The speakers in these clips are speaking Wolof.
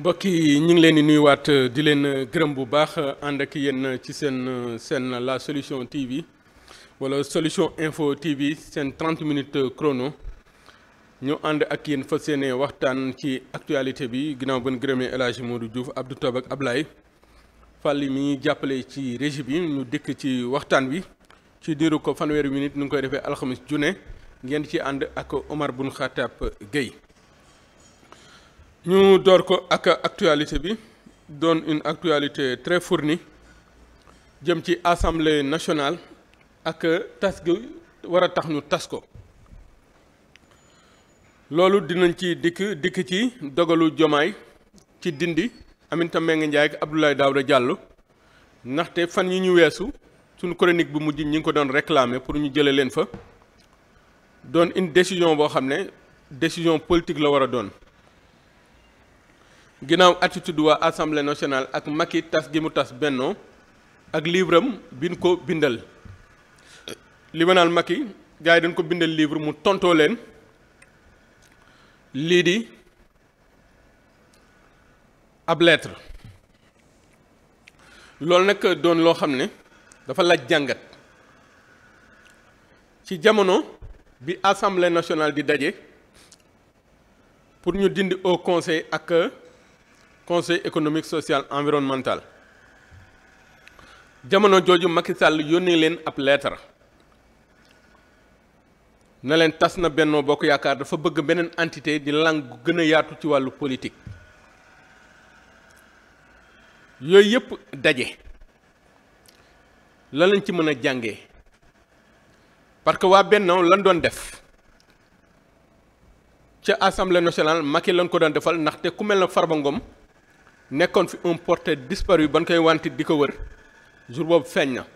mbokk yi ñu ngi leen di nuyuwaat euh, di leen euh, gërëm bu baax euh, ànd ak yéen ci seen seen la solution TV wala solution info TV seen 30 minutes chrono ñu ànd ak yéen fas yéene waxtaan ci actualité bi ginnaaw bën gërëmee El Hadj Modou Diouf Abdou Tob ak Ablaye Fall mi ngi jàppale ci régie bi ñu dikk ci waxtaan wi ci diiru ko fanweeri minute nu ngi koy defee alxamis june ngeen ci ànd ak Omar Bun Xatab Gueye ñu door ko ak actualité bi doon une actualité très fournie jëm ci assemblée nationale ak tas gi war a tax ñu tas ko loolu dinañ ci dikk dikk ci dogalu jomaay ci dindi Aminata Mbengue Ndiaye ak Abdoulaye Daouda jàll ndaxte fan yi ñu weesu sunu chronique bu mujj ñi ngi ko doon réclamer pour ñu jëlee leen fa doon une décision boo xam ne décision politique la war a doon ginnaaw attitude waa assemblée nationale ak Macky tas gi mu tas bennoo ak livre am bin ko bindal li ma naan ko bindal livre mu tontoo leen lii di ab lettre loolu nag doon loo xam ne dafa laaj jàngat ci jamono bi assemblée nationale di daje pour ñu dindi o conseil ak. conseil économique social environnemental jamono jooju Macky Sall yónnee leen ab leetar na leen tas na Benno Bokk Yaakaar dafa bëgg beneen entité di làng gën a yaatu ci wàllu politique yooyu yëpp daje la lañ ci mën a jàngee parce que waa Benno lan doon def ca assemblée nationale Macky lañ ko doon defal ndaxte ku mel na Farba ngoom nekkoon fi un porté disparu ban koy wantit di ko wër jour boobu feeñ na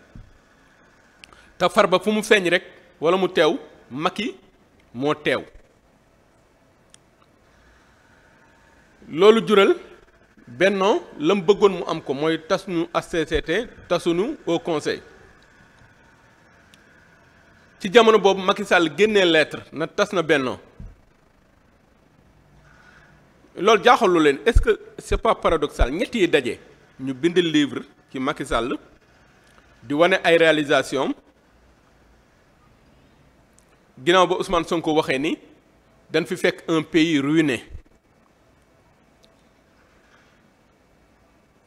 te far ba fu mu feeñ rek wala mu teew Macky moo teew loolu jural bennoo la bëggoon mu am ko mooy tas ñu HCCT tasuñu au conseil ci jamono boobu Macky sàll génnee lettre na tas na bennoo loolu jaaxalu leen est-ce que c'est pas paradoxal ñett yi daje ñu bind livre ci Macky Sall di wane ay réalisation ginnaaw ba Ousmane ko waxee ni dañ fi fekk un pays ruiné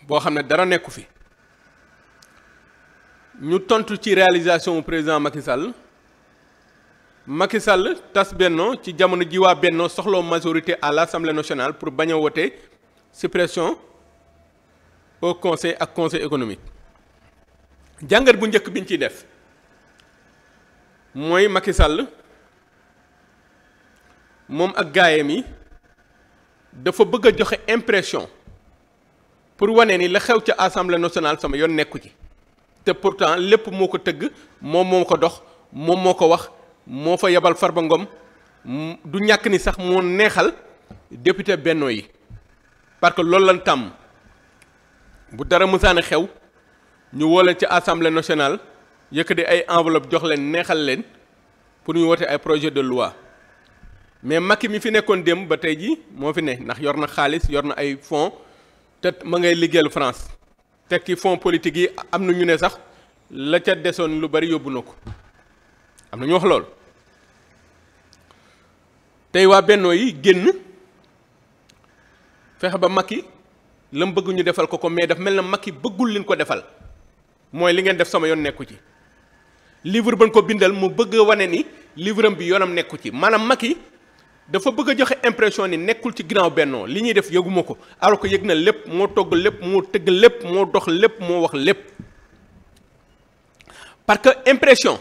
boo xam ne dara nekku fi ñu tontu ci réalisation président Macky Macky Sall tas ci jamono ji waa bennoo soxloo majorité à l'Assemblée nationale pour bañ a wote suppression au conseil ak conseil économique jàngat bu njëkk bi ñu ciy def mooy Macky moom ak gaayam yi dafa bëgg a joxe impression pour wane ni la xew ca assemblée nationale sama yoon nekku ci te pourtant lépp moo ko tëgg moom moo ko dox moom moo ko wax moo fa yebal Farba Ngom du ñàkk ni sax moo neexal député Benno yi parce que loolu lan tàmm bu dara mësaana xew ñu woo leen ci assemblée nationale yëkkati ay enveloppe jox leen neexal leen pour ñuy wote ay projet de loi mais Macky mi fi nekkoon démb ba tey ji moo fi ne ndax yor na xaalis yor na ay fonds te ma ngay liggéeyal France teg ci fonds politique yi am na ñu ne sax la ca desoon lu bari yóbbu na ko am na ñu wax lool. tey waa bennoo yi génn fexe ba Macky la mu bëgg ñu defal ko ko mais daf mel na yi bëggul leen ko defal mooy li ngeen def sama yoon nekku ci livre ban ko bindal mu bëgg wane ni livre am bi yoonam nekku ci maanaam yi dafa bëgg a joxe impression ni nekkul ci ginnaaw bennoo li ñuy def yëguma ko alors que yëg na lépp moo togg lépp moo tëgg lépp moo dox lépp moo wax lépp parce que impression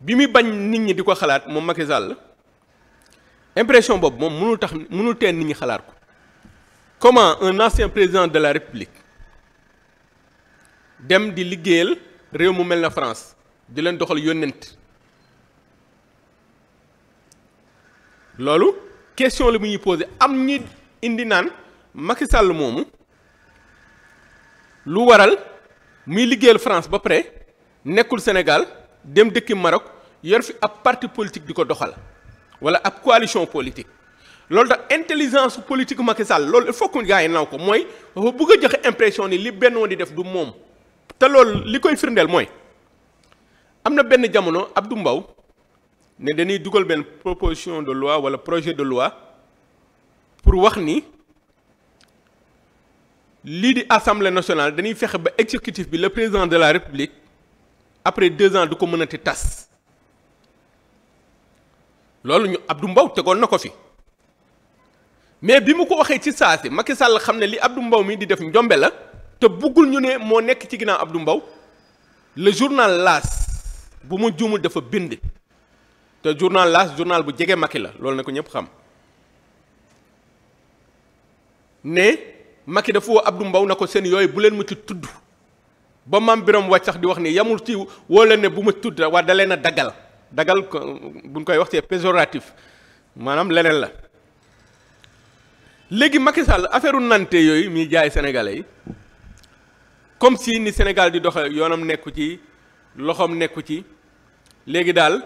bi muy bañ nit ñi di ko xalaat moom Macky Sall impression boobu moom mënul tax mënul teen nit ñi xalaat ko comment un ancien président de la république dem di liggéeyal réew mu mel na France di leen doxal yónnent loolu question la bu ñuy am ñi indi naan Macky sàll moomu lu waral muy liggéeyal France ba pare nekkul Sénégal dem dëkki Maroc yor fi ab parti politique di ko doxal wala ab coalition politique loolu tax intelligence politique Macky Sall loolu il faut que gars yi naw ko mooy dafa bëgg a joxe impression ni li Benno di def du moom te lool li koy firndeel mooy am na benn jamono ab Abdou mbaw ne dañuy dugal benn proposition de loi wala projet de loi pour wax ni lii di assemblée nationale dañuy fexe ba exécutif bi le président de la république après deux ans du ko mënati tas loolu ñu Abdou Mbow tegoon na ko fi mais bi mu ko waxee ci saasi Macky Sall xam ne li Abdou mbaw mi di def njombe la te bëggul ñu ne moo nekk ci ginnaaw Abdou mbaw le journal laas bu mu juumul dafa bind te journal laas journal bu jege maki la loolu na ko ñépp xam ne Macky dafa woo Abdou Mbow na ko seen yooyu bu leen mu ci tudd ba maam Biram wàccax di wax ni yamul ci woo leen bu ma tudd waa da leen a daggal dagal buñ koy wax c'est péjoratif maanaam leneen la léegi Macky Sall affaire nante yooyu muy jaay sénégalais yi comme si ni Sénégal di doxe yoonam nekku ci loxoom nekku ci léegi daal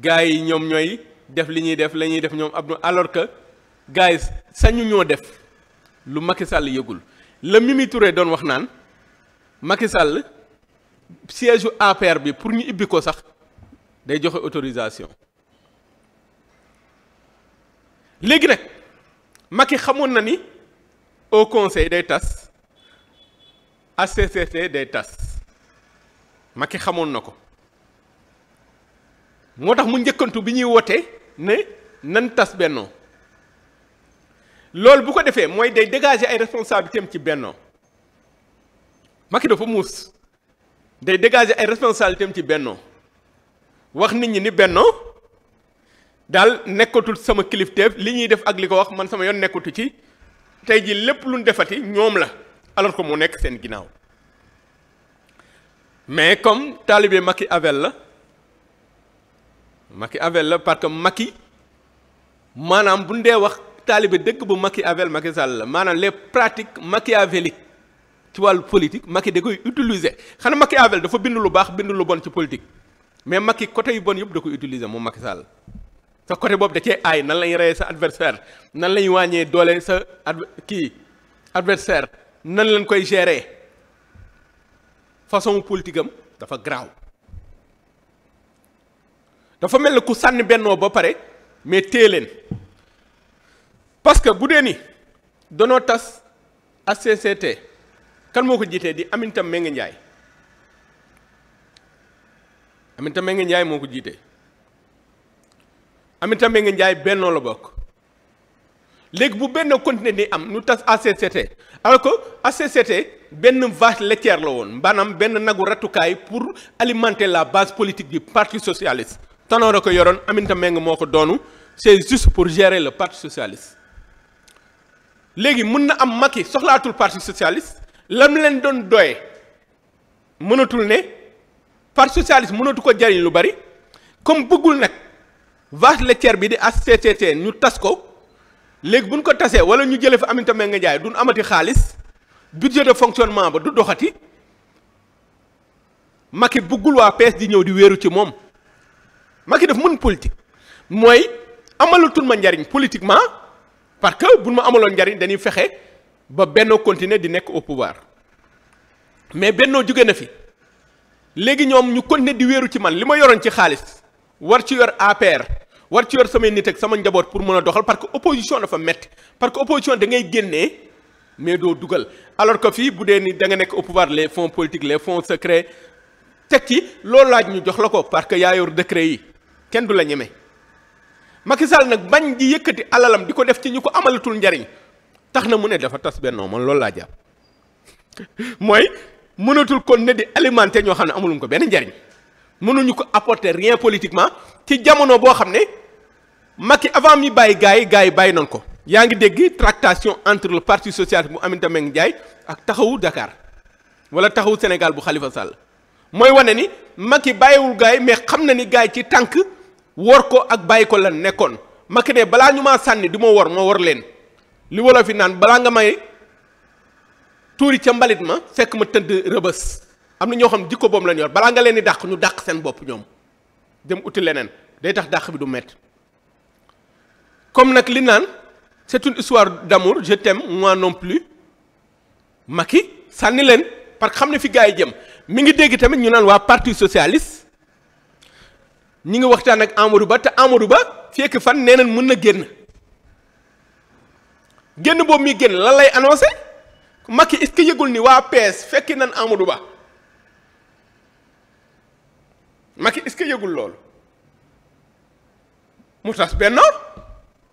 gars yi ñoom ñooy def li ñuy def la ñuy def ñoom ab alors que gars yi sañu ñoo def lu Macky Sall yëgul la Mimi turee doon wax naan Macky siège APR bi pour ñu ibbi ko sax day joxe autorisation léegi nag Macky xamoon na ni au conseil day tas HCCT day tas Macky xamoon na ko moo tax mu njëkkantu bi ñuy woote ne nan tas bennoo loolu bu ko defee mooy day dégager ay responsabilités am ci bennoo maki dafa muus day dégager ay responsabilités am ci bennoo wax nit ñi ni bennoo daal nekkatul sama kilifteef li ñuy def ak li ko wax man sama yoon nekkatu ci tey ji lépp luñ defati ñoom la alors ko mu nekk seen ginnaaw mais comme taalibe Macky Avel la Macky Avel la parce que Macky maanaam bu ñu dee wax taalibe dëgg bu Macky Avel Macky Sall la maanaam les pratiques machiavéliques ci wàllu politique Macky da koy utiliser xanaa Macky Avel dafa bind lu baax bind lu bon ci politique mais Macky côté yu bon yëpp da koy utiliser moom Macky Sall sa côté boobu da cee ay nan lañ reyee sa adversaire nan lañ wàññee doole sa ad kii nan lañ koy gérer façon politique am dafa garaaw dafa mel ne ku sànni bennoo ba pare mais téye leen parce que bu dee ni danoo tas HCCT kan moo ko jiitee di Aminata Mbengue Ndiaye Aminata Mbengue Ndiaye moo ko jiitee amitam Mbengue njaay bennoo la bokk léegi bu benn continuer ni am ñu tas ACCT alors que ACCT benn vache laitière la woon maanaam benn nagu rattukaay pour alimenter la base politique du parti socialiste Tanor a ko yoroon Aminata Mbengue moo ko doonu c'est juste pour gérer le parti socialiste léegi mën na am Macky soxlaatul parti socialiste lam leen doon doye mënatul ne parti socialiste mënatu ko jariñ lu bari comme bëggul nag vache laitière bi di HCCT ñu tas ko léegi buñ ko tasee wala ñu jëlee fa Aminata Mbengue jaay dun amati xaalis budget de fonctionnement ba du doxati Macky bëggul waa PS di ñëw di wéeru ci moom Macky daf mën politique mooy amalatul ma njariñ politiquement parce que buñ ma amaloon njariñ dañuy fexe ba Benno continuer di nekk au pouvoir mais bennoo jóge na fi léegi ñoom ñu continuer di wéeru ci man li ma yoroon ci xaalis war ci yor APR war ci yor samay nit ak sama njaboot pour mën a doxal parce que opposition dafa métti parce que opposition da ngay génnee mais doo dugal alors que fii bu dee nii da nga nekk au pouvoir les fonds politiques teg ci loolu laaj ñu jox la ko parce que yaa yor décret yi kenn du la ñeme Macky nag bañ di yëkkati alalam di ko def ci ñu ko amalatul njariñ tax na mu ne dafa tas bennoo man loolu laa jàpp mooy mënatul kon ne di alimenter ñoo xam ne amuluñ ko benn njariñ mënuñu ko apporter rien politiquement ci jamono boo xam ne Macky avant mi bàyyi gars yi gars yi bàyyi nañ ko. yaa ngi dégg tractation entre le parti socialiste bu Aminata Mbengue Ndiaye ak taxawu Dakar wala taxawu Sénégal bu Khalifa Sall mooy wane ni mag Macky bàyyiwul gars yi mais xam na ni gaa yi ci tànk wor ko ak bàyyi ko lan nekkoon Macky ne balaa ñu maa sànni du ma wor ma wor leen. li wolof yi naan balaa nga may tuuri ca mbalit ma fekk ma tëdd rëbës am na ñoo xam jikko boom lañ yor balaa nga leen di dàq ñu dàq seen bopp ñoom dem uti leneen day tax dàq bi du mett comme nag li naan c'est une histoire d'amour je t'aime moi non plus Macky sànni leen parce que xam ne fi gars yi jëm mi ngi dégg tamit ñu naan waa parti socialiste ñi ngi waxtaan ak Amadou Ba te Amadou Ba fekk fan nee nañ mën na génn. génn boobu mi génn lan lay annoncé Macky est yëgul ni waa PS fekki nan Amadou Ba Macky est-ce que yëgul loolu mu tas Benno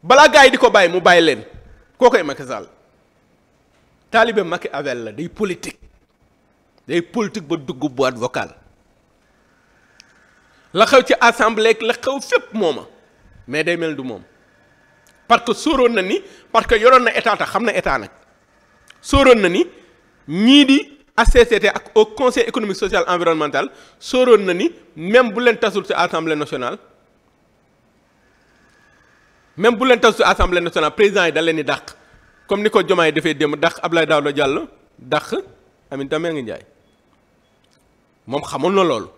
balaa gars yi di ko bàyyi mu bàyyi leen koo koy Macky Sall taalibe Macky Avel la day politique day politique ba dugg boîte vocale la xew ci assemblée la xew fépp mooma mais day mel du moom parce que sóoroon na ni parce que yoroon na état tax xam na état nag sóoroon na ni ñii di HCCT ak au conseil économique social environnemental sóoroon na ni même bu leen tasul ci assemblée nationale même bu leen tasul ci assemblée nationale président yi da leen di dàq comme ni ko Diomaye dafay démb dàq Abdoulaye Daouda jàll dàq Aminata Mbengue Ndiaye moom xamoon na loolu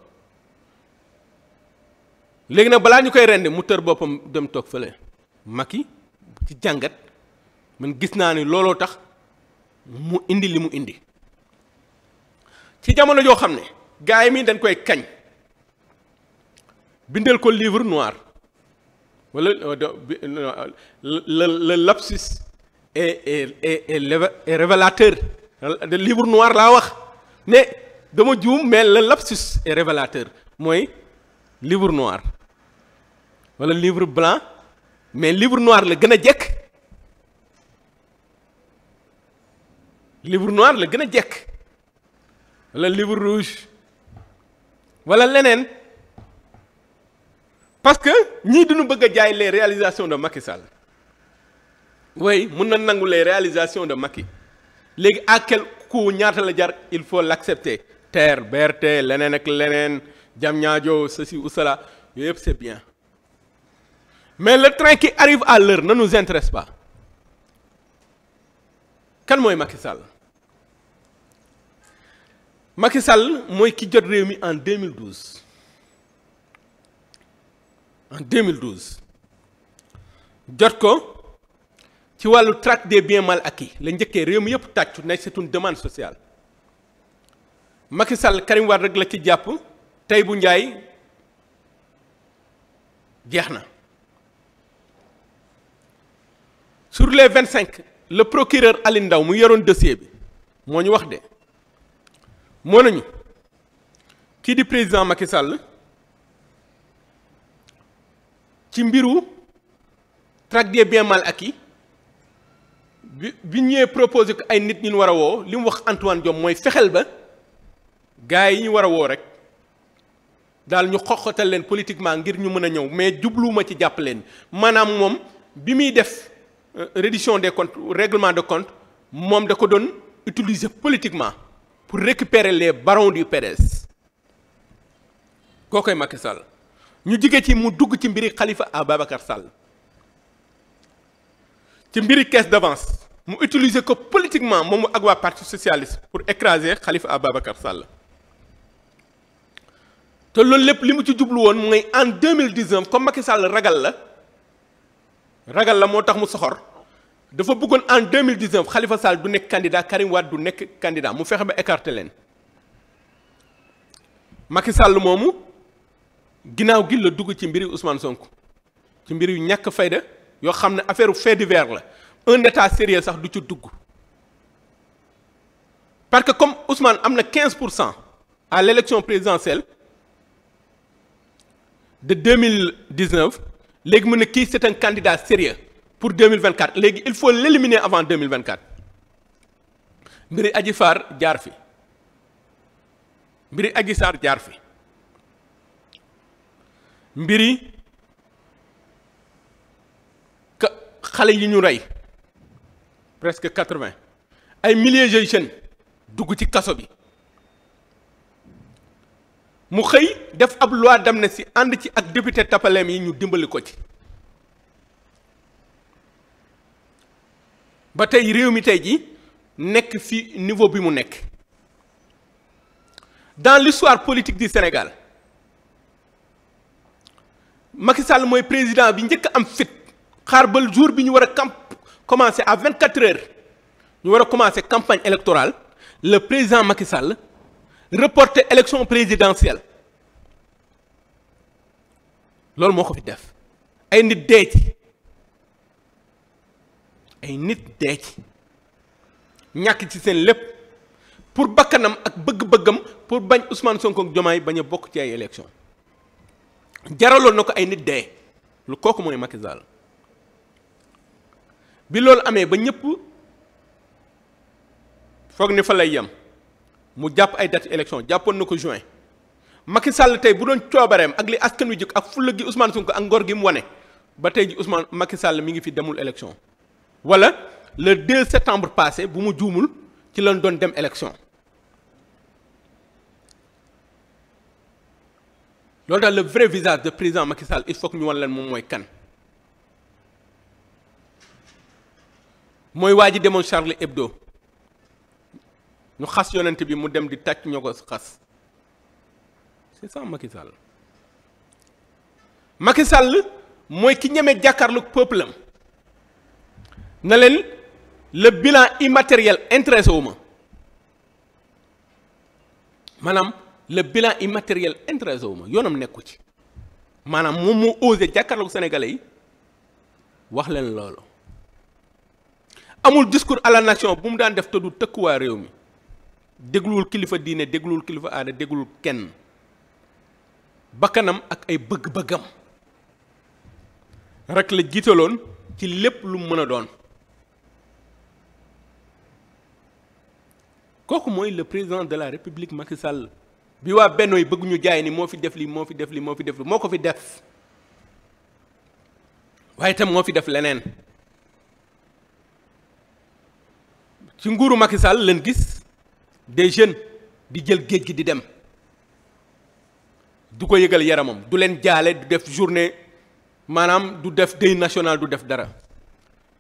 léegi nag balaa ñu koy rendi mu tër boppam dem toog fële yi ci jàngat man gis naa ni looloo tax mu indi li mu indi ci jamono joo xam ne gaay mi dañ koy kañ bindal ko livre noir walla euh, euh, le le lapsus est est révélateur livre noir laa wax ne dama juum mais le lapsus révélateur mooy livre noir wala livre blanc mais livre noir la gën a jekk livre noir la gën a jekk wala livre rouge wala leneen parce que ñii duñu bëgg a jaay lee réalisation de Macky Sall way mun na nangu les réalisations de Macky léegi à quel coût ñaata la jar il faut l'accepter terre BRT leneen ak leneen jam ñaajoo ceci ou cela yooyu yëpp c'est bien mais le train qui arrive à l'heure ne nous intéresse pas kan mooy Macky Sall Macky Sall mooy ki jot réew mi en 2012 en 2012 jot ko ci wàllu traque de biens mal acquis la njëkkee réew mi yëpp tàccu ne c'est demande sociale Macky Sall Karim Wade rek la ci jàpp tey bu njaay jeex na sur les vingt cinq le procureur Alioune ndaw mu yoroon dossier bi moo ñu wax de moo nañu kii di président Macky Sall ci mbiru traque des biens mal acquis bi bi ñëwee proposé ko ay nit ñu war a woo li mu wax Antoine Diome mooy fexeel ba gars yi ñu war a woo rek daal ñu xoxotal leen politiquement ngir ñu mën a ñëw mais jubluwuma ci jàpp leen maanaam moom bi muy def. Euh, reddition des comptes règlement de compte moom da ko doon utiliser politiquement pour récupérer les barons du PDS koo koy Macky Sall ñu jige ci mu dugg ci mbiri Khalifa Ababacar Sall ci mbiri caisse d'avance mu utiliser ko politiquement moom ak waa parti socialiste pour écraser Khalifa Ababacar Sall te loolu lépp li mu ci jublu woon mooy en 2019 comme Macky Sall ragal la ragal la moo tax mu soxor dafa bëggoon en 2019 Khalifa Sall du nekk candidat Karim Wade du nekk candidat mu fexe ba ecarte leen Macky Sall moomu ginnaaw gi la dugg ci mbiri Ousmane Sonko ci mbir yu ñàkk fayda yoo xam ne affaire fait divers la un état sérieux sax du ci dugg parce que comme Ousmane am na 15 pour cent à l' élection présidentielle de 2019 léegi mu ne kii c'est un candidat sérieux pour 2024 léegi il faut l'éliminer avant 2024 mbiri aji Sarr jaar fi mbiri aji Sarr jaar fi mbiri ka xale yi ñu rey presque quatre-vingts ay milliers de jeunes dugg ci kaso bi mu xëy def ab loi si ànd ci ak député tapaleem yi ñu dimbali ko ci ba tey réew mi tey ji nekk fi niveau bi mu nekk dans l'histoire politique di Sénégal Macky Sall mooy président bi njëkk am fit xaar bal jour bi ñu war a camp commencer à vingt quatre heures ñu war a commencer campagne électorale le président Macky Sall reporter élection présidentielle loolu moo ko fi def ay nit dee ci ay nit dee ci ñàkk ci seen lépp pour bakkanam ak bëgg-bëggam pour bañ Ousmane Sonko ak Diomaye bañ a bokk ci ay élection jaraloon na ko ay nit dee lu kooku mooy Macky Sall bi loolu amee ba ñëpp foog ni fa lay yem. mu jàpp ay date élection jàppoon na ko juin Macky Sall tey bu doon coobareem ak li askan wi jëkk ak fulla gi Ousmane Sonko ak ngor gi mu wane ba tey ji Ousmane Macky sàll mi ngi fi demul élection wala le 2 septembre passé bu mu juumul ci lañ doon dem élection loolu daal le vrai visage de président Macky Sall il faut que ñu wan leen moom mooy kan mooy waa ji demoon Charlie Hebdo ñu xas yonent bi mu dem di tàcc ñoo ko xas c'est ça Macky Sall Macky Sall mooy ki ñeme jàkkaarlu peuple am na leen le bilan immatériel intéressé wu ma maanaam le bilan immatériel intéressé wu ma yoonam nekku ci maanaam moom mu osé jàkkaarloog sénégalais yi wax leen loolu amul discours à la nation bu mu daan def te du tëkkuwaa réew mi dégluwul kilifa diine dégluwul kilifa aada dégluwul kenn bakkanam ak ay bëgg-bëggam rek la jiitaloon ci lépp lu mu mën a doon kooku mooy le président de la république Macky Sall bi waa Benno yi bëgguñu jaay ni moo fi def li moo fi def li moo fi def moo ko fi def waaye tam moo fi def leneen ci nguuru Macky leen gis de jeunes di jël géej gi di dem du ko yëgal yaramam du leen jaale du def journée maanaam du def deuil national du def dara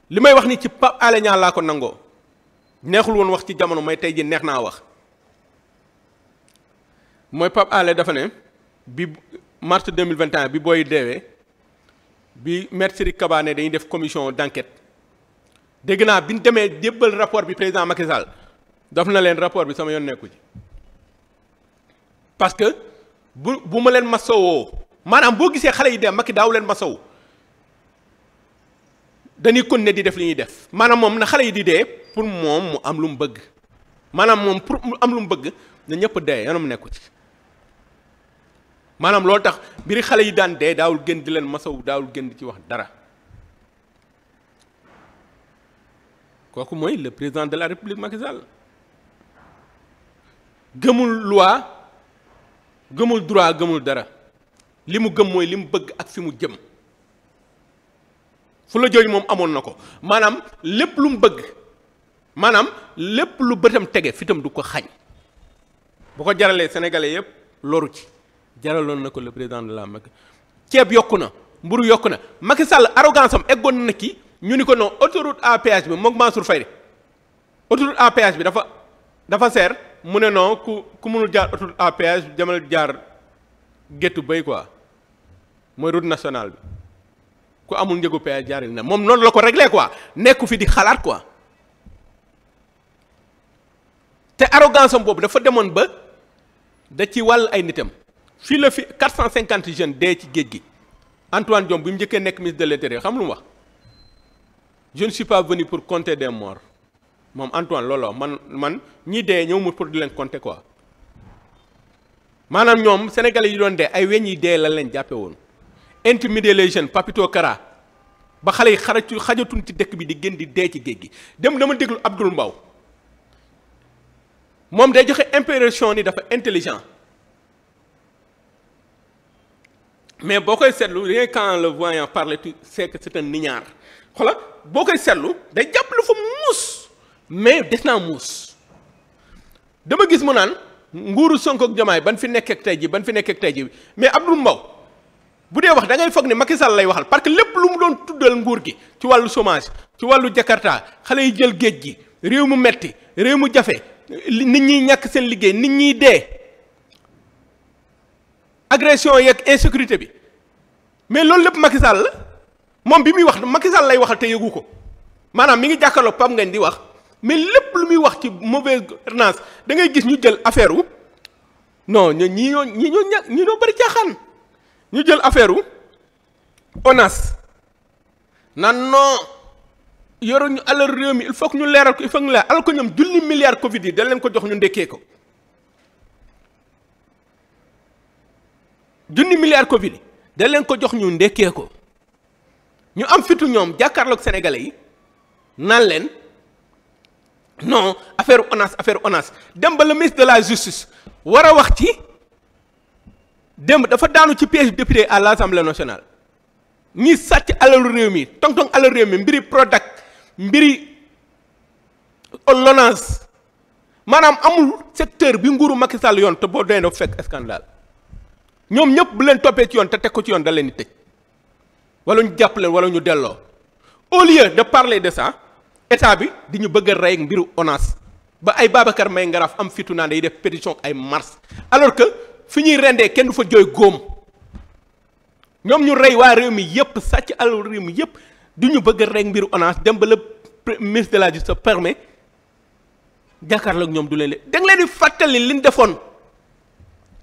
li may wax ni ci Pape Alé Niang laa ko nangoo neexul woon wax ci jamono may tey ji neex naa wax mooy Pape Alé dafa ne bi mars 2021 bi booy deewee bi maître Sidiki ne dañuy def commission d'enquête dégg naa bi ñu demee jébbal rapport bi président Macky daf na leen rapport bi sama yoon nekku ci parce que bu bu ma leen masowoo maanaam boo gisee xale yi dem Macky daaw leen ma masow kon ne di def li ñuy def maanaam moom na xale yi di dee pour moom mu am lu mu bëgg maanaam moom pour mu am lu mu bëgg na ñëpp dee mu nekku ci maanaam loolu tax mbiri xale yi daan dee daawul gën di leen ma masow daawul gën di ci wax dara kooku mooy le président de la république Macky gëmul loi gëmul droit gëmul dara li mu gëm mooy li mu bëgg ak fi mu jëm fu la jooju moom amoon na ko maanaam lépp lu mu bëgg maanaam lépp lu bëtam tege fitam du ko xañ bu ko jaralee sénégalais yëpp loru ci jaraloon na ko le président de la mag ceeb yokk na mburu yokk na Macky Sall arrogance am eggoon na ki ñu ni ko non autoroute à péage bi moom Mansour Faye autoroute à bi dafa dafa seer mu ne non ku ku mënul jaar autoroute à péage jamal jaar géttu bay quoi mooy route nationale bi ku amul njëgu péage jaaril na moom noonu la ko réglé quoi nekku fi di xalaat quoi te arrogance boobu dafa demoon ba da ci wàll ay nitam fii la fi 450 jeunes dee ci géej gi Antoine Diome bi mu njëkkee nekk ministre de l'intérieur xam lu mu wax je ne venu pour compter des morts moom Antoine looloo man man ñi dee ñëw ma pour di leen compter quoi maanaam ñoom sénégalais yi doon dee ay weñ yi dee la leen jàppe woon intimider les jeunes papito kara ba xale yi xaratu xajatun ci dëkk bi di gën di dee ci géej gi dem dama déglu Abdoul Mbaw moom day joxe impression ni dafa intelligent mais boo koy seetlu rien qu'en le voyant parler tu sais que boo koy seetlu day jàpp lu fa muus mais des naa muus dama gis mu naan nguuru Sonko ak Diomaye ban fi nekk ak tey ji ban fi nekk ak tey ji mais Abdou mbaw bu dee wax da ngay foog ne Macky Sall lay waxal parce que lépp lu mu doon tuddal nguur gi ci wàllu chômage ci wàllu Jakarta xale yi jël géej gi réew mu metti réew mu jafe nit ñiy ñàkk seen liggéey nit ñi dee agression yeeg insécurité bi mais loolu lépp Macky la moom bi muy wax Macky Sall lay waxal te yëgu ko maanaam mi ngi jàkkaarloog Pape Ngagne di wax mais lépp lu muy wax ci mauvaise gouvernance da ngay gis ñu jël affaire wu non ñi ñi ñoo ñi ñoo ña ñi ñoo bëri caaxaan ñu jël affaire wu ONAS nan non yoro ñu alal réew mi il faut ñu leeral ko il faut que ñu leeral alal ko ñoom junni milliards Covid yi dañ ko jox ñu ndekkee ko junni milliards Covid yi dañ leen ko jox ñu ndekkee ko ñu am fitu ñoom jàkkaarloog sénégalais yi nan leen. non affaire ONAS affaire ONAS dem ba le de la justice war a wax ci démb dafa daanu ci piège député à l'Assemblée nationale ñi sàcc alalu réew mi tong-tong alalu réew mi mbiri Prodac mbiri l'ONAS maanaam amul secteur bi nguuru Macky Sall yoon te boo doy na fekk scandale ñoom ñëpp bu leen toppee ci yoon te teg ko ci yoon da leen di tëj wala ñu jàpp leen wala ñu delloo au lieu de parler de ça état bi di ñu bëgg a rey mbiru ONAS ba ay Babacar May Ngaraaf am fitu naan day def pétition ay mars alors que fi ñuy rendee kenn du fa jooy góom ñoom ñu rey waa réew mi yëpp sàcc alal réew mi yëpp du ñu bëgga a rey mbiru ONAS dem ba le ministre de la justice permet jàkkaarloog ñoom du leen leen da nga leen fàttali li ñu defoon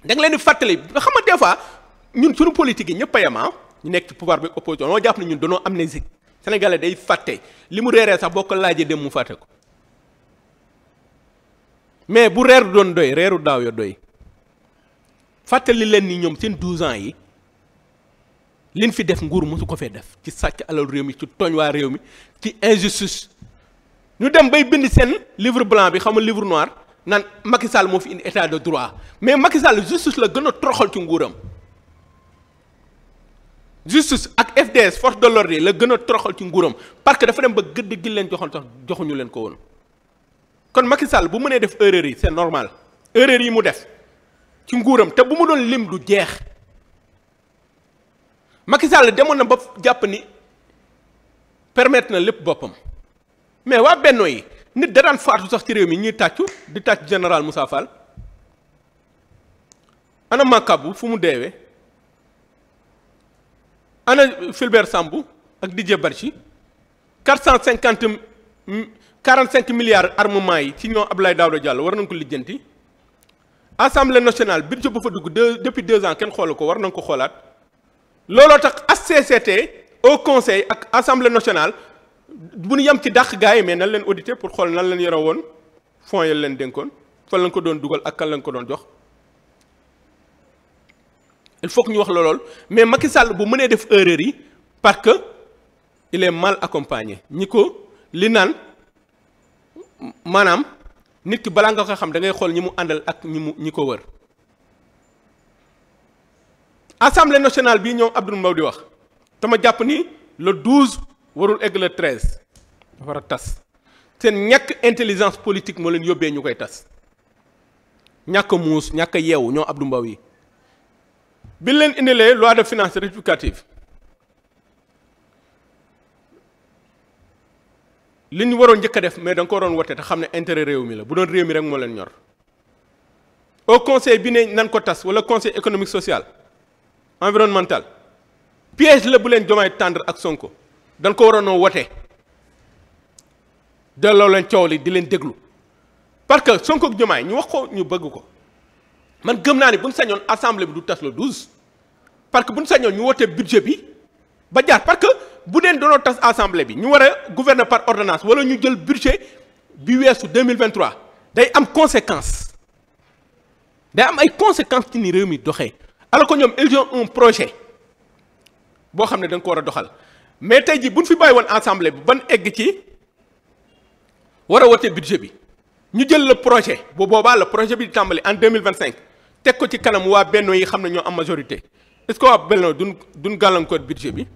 da leen di fàttali nga xam nga fois ñun suñu politique yi ñëpp a yem ah. ñu nekk ci pouvoir bi opposition noo jàpp ne ñun am amnésique sénégalais day fàtte li mu reeree sax boo ko laajee dem mu fàtte ko mais bu reer doon doy reeru daaw ya doy fàttali leen ni ñoom seen 12 ans yi li liñ fi def nguur mosu ko fee def ci sàcc alal réew mi ci tooñ waa réew mi ci injustice ñu dem bay bind seen livre blanc bi xamul livre noir naan Macky Sall moo fi indi état de droit mais Macky Sall la gën a toroxal ci nguuram. justice ak FDS force de l'ordre yi la gën a toroxal ci nguuram parce dafa dem ba gëdd gi leen joxoon tax joxuñu leen ko won kon Macky Sall bu mënee def erreur yi c'est normal erreur yi mu def ci nguuram te bu ma doon lim du jeex Macky Sall demoon na ba jàpp ni permettre na lépp boppam mais waa Benno yi nit da daan faatu sax ci réew mi ñuy tàccu di tàccu général Moussa Fall ana makabu fu mu deewee. ana Fulbert Sambou ak Didier Barchi quatre cent cinquante quarante cinq milliards armement yi ci ñoo Abdoulaye Daouda Diallo war nañ ko lijjanti assemblée nationale budget bu fa dugg deux depuis deux ans kenn xoolu ko war nañ ko xoolaat looloo tax HCCT au conseil ak assemblée nationale bu ñu yem ci dàq gars yi mais nan leen audité pour xool nan leen yore woon fonds yi leen dénkoon fan lañ ko doon dugal ak kan lañ ko doon jox. il faut que ñu wax la lool mais Macky sàll bu mënee def erreur yi parce que il est mal accompagné ñi ko li naan maanaam nit ki balaa nga ko xam da ngay xool ñi mu àndal ak ñi mu ñi ko wër. Assemblée nationale bii ñoom Abdoul Mbow di wax te ma jàpp ni le 12 warul egg le 13 war a tas seen ñàkk intelligence politique moo leen yóbbee ñu koy tas ñàkk muus ñàkk yeewu ñoom Abdoul Mbow yi. bi leen indilee loi de finances rectificative li ñu waroon njëkk a def mais danga nga ko waroon wote te xam ne intérêt réew mi la bu doon réew mi rek moo leen ñor au conseil bi ne nan ko tas wala conseil économique social environnemental piège la bu leen jomaay tendre ak Sonko dañ ko waroon wote delloo leen coow li di leen déglu parce que Sonko ak jomaay ñu wax ko ñu bëgg ko man gëm naa ni bu ñu sañoon assemblée bi du tas le 12 parce que bu ñu sañoon ñu wootee budget bi ba jaar parce que bu deen doonoo tas assemblée bi ñu war a gouverner par ordonnance wala ñu jël budget bi weesu 2023 day am conséquence day am ay conséquences ci ni réew mi doxee alors que ñoom ils ont un projet boo xam ne dañ ko war a doxal mais tey jii bu ñu fi bàyyi woon assemblée bi ban egg ci war a wootee budget bi ñu jël le projet bu boobaa le projet bi di tàmbali en 2025 teg ko ci kanam waa bennoo yi xam ne ñoo am majorité est-ce que waa bennoo duñ duñ gàllankoor budget bi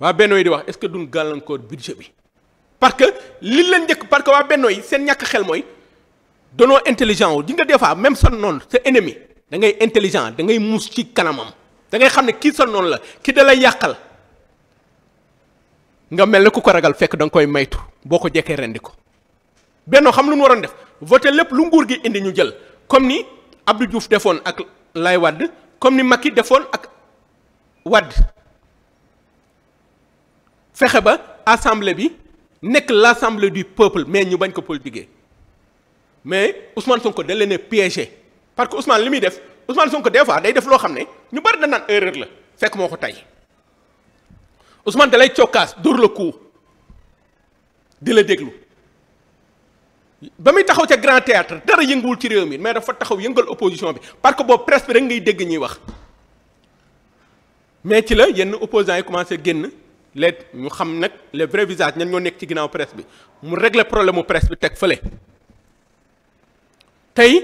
waa Benno yi di wax est-ce que duñ gàllankoor budget bi parce que li leen njëkk parce que waa bennoo yi seen ñàkk xel mooy dono intelligent wu di nga des fois même sa noonu sa ennemi da ngay intelligent da ngay muus ci kanamam da ngay xam ne kii sa noon la ki da lay yàqal nga mel ne ku ko ragal fekk da nga koy maytu boo ko jekkee rendi ko Benno xam lu mu waroon def. voté lépp lu nguur gi indi ñu jël comme ni Abdou Diouf defoon ak Lay Wade comme ni Macky defoon ak wadd fexe ba assemblée bi nekk l'assemblée du peuple mais ñu bañ ko politiquer mais Ousmane Sonko da leen a parce que Ousmane li muy def Ousmane Sonko des fois day def loo xam ne ñu bari da naan erreur la fekk moo ko tey usman da lay cokkaas dóor la coup di la déglu. ba muy taxaw ca grand théâtre dara yënguwul ci réew mi mais dafa taxaw yëngal opposition bi parce que boobu presse bi rek ngay dégg ñuy wax mais ci la yenn opposants yi commencé génn let ñu xam nag les vrais visages ñan ñoo nekk ci ginnaaw presse bi mu régler problème mu presse bi teg fële tey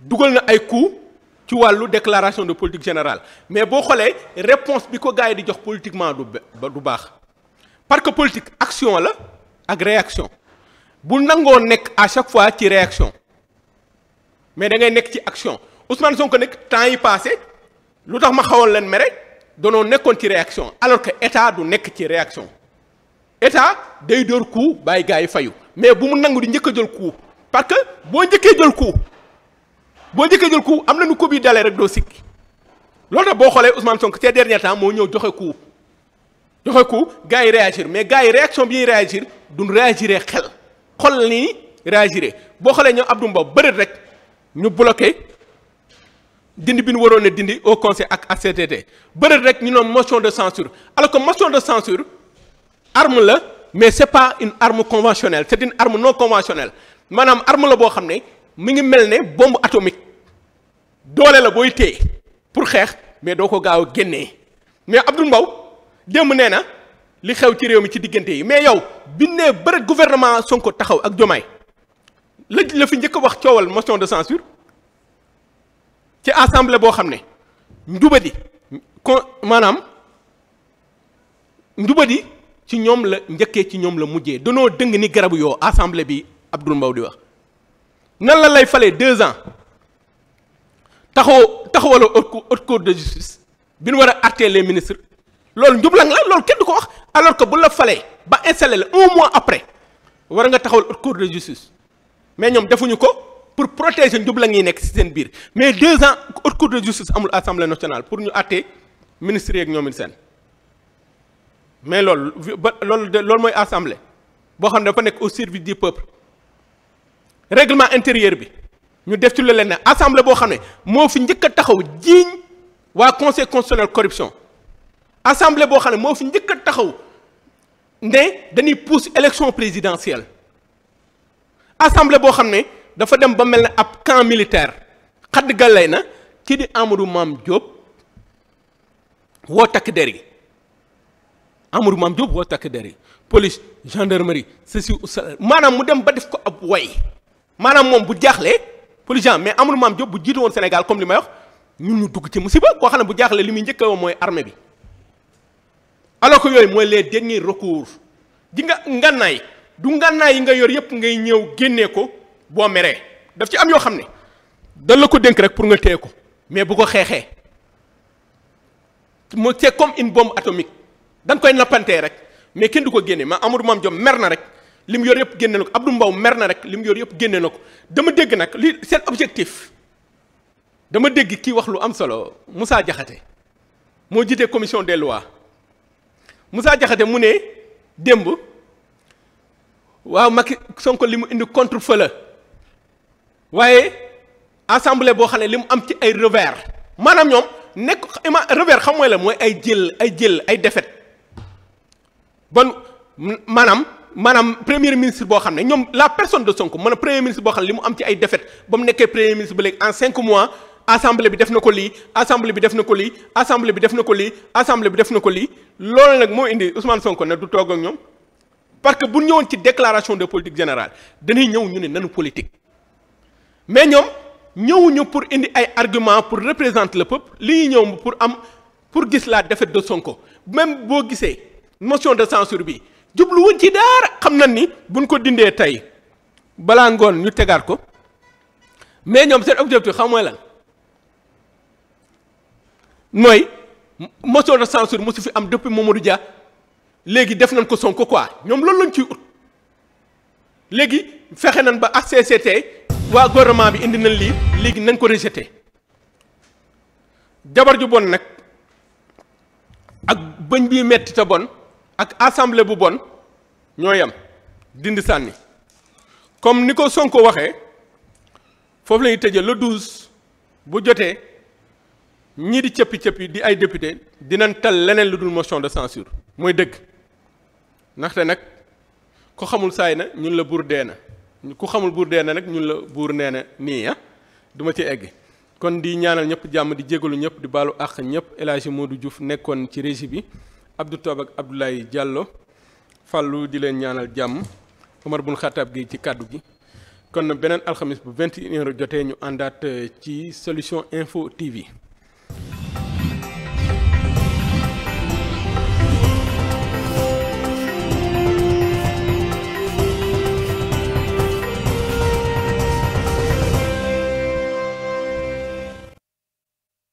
dugal na ay coup ci wàllu déclaration de politique générale mais boo xoolee réponse bi ko gars yi di jox politiquement du du baax parce que politique action la ak réaction bu nangoo nekk à chaque fois ci réaction mais da ngay nekk ci action Ousmane Sonko nekk temps yi passé lu tax ma xawoon leen mere danoo nekkoon ci réaction alors que état du nekk ci réaction état day dóor coup bàyyi gars yi fayu mais bu mu nangu di njëkk a jël coup parce que boo njëkkee jël coup boo njëkkee jël coup am na nu coup bi dalee rek doo sikki loolu tax boo xoolee Ousmane Sonko ces dernier temps moo ñëw joxe coup joxe coup gars yi réagir mais gars yi réaction bi ñuy réagir duñ réagiree xel. xool ni réagiré boo xoolee ñoom Abdou Mbow bërët rek ñu bloqué dindi bi nu waroon a dindi au conseil ak ACTT bërët rek ñu noon motion de censure alors que motion de censure arme la mais c'est pas une arme conventionnelle c'est une arme non conventionnelle maanaam arme la boo xam ne mi ngi mel ne bombe atomique doole la booy téye pour xeex mais doo ko gaaw a génnee mais Abdou Mbow démb nee na li xew ci réew mi ci diggante yi mais yow bi nee bëreet gouvernement Sonko taxaw ak Diomaye la la fi njëkk a wax coowal motion de censure ci assemblée boo xam ne njubadi kon maanaam njubadi ci ñoom la njëkkee ci ñoom la mujjee danoo dëng ni garabu yoo assemblée bi Abdoul Mbaw di wax nan la lay falee deux ans taxaw taxawala haute cour de justice bi nu war a arrêter les ministres loolu njublang la loolu kenn du ko wax alors que bu la falee ba installé la un mois après war nga taxawal haute cour de justice mais ñoom defuñu ko pour protéger njub la ñuy nekk ci seen biir mais deux ans haute cour de justice amul assemblée nationale pour ñu àtte ministre yeeg ñoom seen mais loolu ba loolu de loolu mooy assemblée boo xam ne dafa nekk au service du peuple règlement intérieur bi ñu def ci lu leen ne assemblée boo xam ne moo fi njëkk a taxaw jiiñ waa conseil constitutionnel corruption boo xam ne moo fi njëkk a taxaw. ne dañuy pousse élection présidentielle assemblée boo xam ne dafa dem ba mel ne ab camp militaire xadd gàllay na kii di amaru Mame Diop woo takk der yi Amadou Mame Diop woo takk der yi police gendarmerie ceci ou cela maanaam mu dem ba def ko ab way maanaam moom bu jaaxlee police gens mais Amadou Mame Diop bu jiitu woon Sénégal comme li may wax ñun ñu dugg ci musiba koo xam ne bu jaaxlee li muy njëkk a mooy armée bi. alors que yooyu mooy les derniers recours di nga ngànnaay du ngànnaay yi nga yor yëpp ngay ñëw génnee ko boo meree daf ci am yoo xam ne dañ la ko dénk rek pour nga téye ko mais bu ko xeexee mu c'est comme une bombe atomique dañ koy nappantee rek mais kenn du ko génne ma Amadou Mame Diop mer na rek li mu yor yëpp génne na ko Abdou Mbow mer na rek li mu yor yëpp génne na ko dama dégg nag li seen objectif dama dégg ki wax lu am solo Moussa jaxate moo jiite commission des lois Moussa Diakhaté mu ne démb waaw Macky Sonko li mu indi contre feu la waaye assemblée boo xam ne li mu am ci ay revers maanaam ñoom nekk ima revers xam mooy la mooy ay jël ay jël ay défaite bon maanaam maanaam premier ministre boo xam ne ñoom la personne de Sonko mën a premier ministre boo xam ne li mu am ci ay défaite ba mu nekkee premier ministre ba léegi en cinq mois assemblée bi def na ko lii assemblée bi def na ko lii assemblée bi def na ko lii assemblée bi def na ko lii loolu nag moo indi Ousmane Sonko ne du toog ak ñoom parce que bu ñëwoon ci déclaration de politique générale dañuy ñëw ñu ne nanu politique mais ñoom ñëwuñu pour indi ay argument pour représenter la peuple li ñuy ñëw pour am pour gis laa défaite de Sonko même boo gisee motion de censure bi jubluwuñ ci dara xam na ni buñ ko dindee tey balaa ngoon ñu tegaat ko mais ñoom seen objectif xam mooy lan mooy motion de censure mosu fi am depuis Mamadou Dia léegi def nañ ko Sonko quoi ñoom loolu lañ ciy ut léegi fexe nañ ba HCCT waa gouvernement bi indi nañ lii léegi nañ ko rejeté jabar ju bon nag ak bëñ bi metti te bon ak assemblée bu bon ñoo yam dindi sànni comme ni ko son Sonko waxee foofu la ñuy tëjee le 12 bu jotee. ñii di cëppi cëppi di ay député dinañ tal leneen lu dul motion de censure mooy dëgg ndaxte nag ku xamul saay na ñun la buur dee na ku xamul buur dee na nag ñun la buur nee na nii ah duma ci egg kon di ñaanal ñëpp jàmm di jégalu ñëpp di baalu àq ñëpp El Hadji Modou Diouf nekkoon ci régie bi Abdou Toob ak Abdoulaye Diallo fàllu di leen ñaanal jàmm Omar bun Xattaab gi ci kàddu gi kon beneen alxamis bu 21 heures jotee ñu àndaat euh, ci solution info TV.